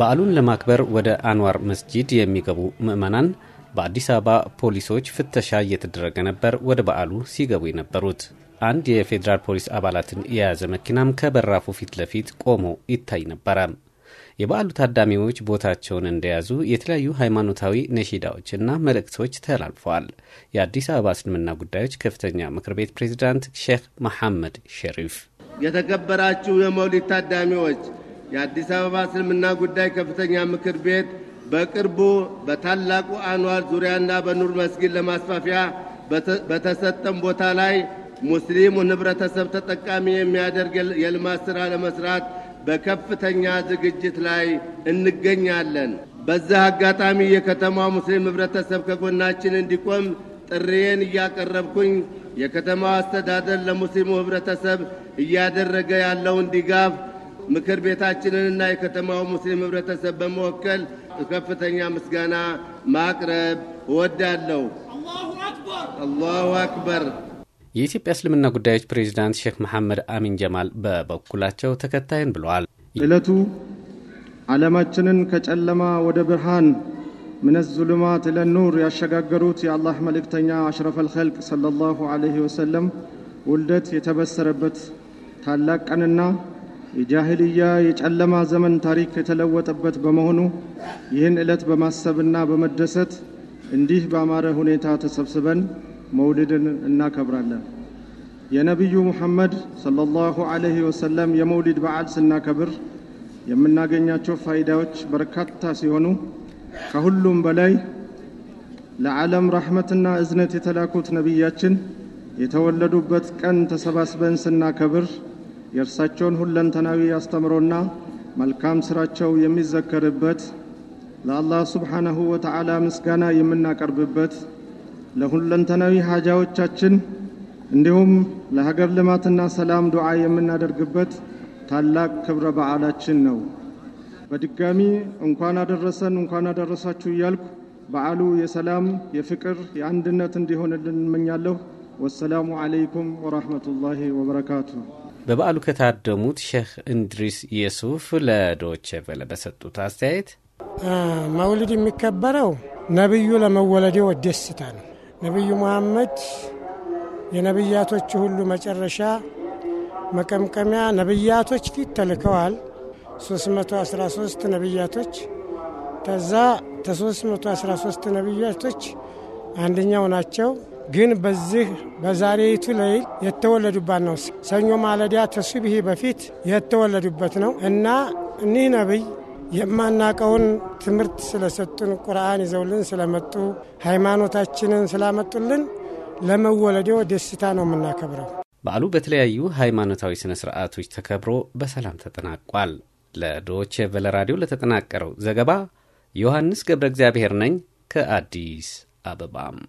በዓሉን ለማክበር ወደ አንዋር መስጂድ የሚገቡ ምዕመናን በአዲስ አበባ ፖሊሶች ፍተሻ እየተደረገ ነበር ወደ በዓሉ ሲገቡ የነበሩት። አንድ የፌዴራል ፖሊስ አባላትን የያዘ መኪናም ከበራፉ ፊት ለፊት ቆሞ ይታይ ነበረ። የበዓሉ ታዳሚዎች ቦታቸውን እንደያዙ የተለያዩ ሃይማኖታዊ ነሺዳዎችና መልእክቶች ተላልፈዋል። የአዲስ አበባ እስልምና ጉዳዮች ከፍተኛ ምክር ቤት ፕሬዚዳንት ሼክ መሐመድ ሸሪፍ፣ የተከበራችሁ የመውሊድ ታዳሚዎች የአዲስ አበባ እስልምና ጉዳይ ከፍተኛ ምክር ቤት በቅርቡ በታላቁ አንዋር ዙሪያና በኑር መስጊድ ለማስፋፊያ በተሰጠም ቦታ ላይ ሙስሊሙ ህብረተሰብ ተጠቃሚ የሚያደርግ የልማት ሥራ ለመስራት በከፍተኛ ዝግጅት ላይ እንገኛለን። በዚህ አጋጣሚ የከተማ ሙስሊም ህብረተሰብ ከጎናችን እንዲቆም ጥሪዬን እያቀረብኩኝ የከተማው አስተዳደር ለሙስሊሙ ህብረተሰብ እያደረገ ያለውን ድጋፍ ምክር ቤታችንንና የከተማው ሙስሊም ህብረተሰብ በመወከል ከፍተኛ ምስጋና ማቅረብ እወዳለሁ። አላሁ አክበር። የኢትዮጵያ እስልምና ጉዳዮች ፕሬዚዳንት ሼክ መሐመድ አሚን ጀማል በበኩላቸው ተከታይን ብለዋል። ዕለቱ ዓለማችንን ከጨለማ ወደ ብርሃን ምን ዙሉማት እለ ኑር ያሸጋገሩት የአላህ መልእክተኛ አሽረፈል ኸልቅ ሰለላሁ ዐለይሂ ወሰለም ውልደት የተበሰረበት ታላቅ ቀንና የጃህልያ የጨለማ ዘመን ታሪክ የተለወጠበት በመሆኑ ይህን ዕለት በማሰብና በመደሰት እንዲህ ባማረ ሁኔታ ተሰብስበን መውሊድን እናከብራለን። የነቢዩ ሙሐመድ ሰለላሁ ዐለይሂ ወሰለም የመውሊድ በዓል ስናከብር የምናገኛቸው ፋይዳዎች በርካታ ሲሆኑ ከሁሉም በላይ ለዓለም ራሕመትና እዝነት የተላኩት ነቢያችን የተወለዱበት ቀን ተሰባስበን ስናከብር የእርሳቸውን ሁለንተናዊ አስተምሮና መልካም ስራቸው የሚዘከርበት ለአላህ ስብሓነሁ ወተዓላ ምስጋና የምናቀርብበት ለሁለንተናዊ ሀጃዎቻችን እንዲሁም ለሀገር ልማትና ሰላም ዱዓ የምናደርግበት ታላቅ ክብረ በዓላችን ነው። በድጋሚ እንኳን አደረሰን እንኳን አደረሳችሁ እያልኩ በዓሉ የሰላም፣ የፍቅር፣ የአንድነት እንዲሆንልን እንመኛለሁ። ወሰላሙ ዓለይኩም ወራህመቱላሂ ወበረካቱሁ። በበዓሉ ከታደሙት ሼህ እንድሪስ የሱፍ ለዶቼ ቬለ በሰጡት አስተያየት መውሊድ የሚከበረው ነቢዩ ለመወለዴ ወደስታ ነው። ነቢዩ መሐመድ የነቢያቶች ሁሉ መጨረሻ መቀምቀሚያ ነቢያቶች ፊት ተልከዋል። 313 ነቢያቶች ከዛ ከ313 ነቢያቶች አንደኛው ናቸው። ግን በዚህ በዛሬቱ ሌሊት የተወለዱባት ነው። ሰኞ ማለዳ ተሱብሂ በፊት የተወለዱበት ነው እና እኒህ ነቢይ የማናቀውን ትምህርት ስለሰጡን፣ ቁርአን ይዘውልን ስለመጡ፣ ሃይማኖታችንን ስላመጡልን ለመወለዴው ደስታ ነው የምናከብረው። በዓሉ በተለያዩ ሃይማኖታዊ ስነ ስርዓቶች ተከብሮ በሰላም ተጠናቋል። ለዶቼ ቨለ ራዲዮ ለተጠናቀረው ዘገባ ዮሐንስ ገብረ እግዚአብሔር ነኝ ከአዲስ አበባም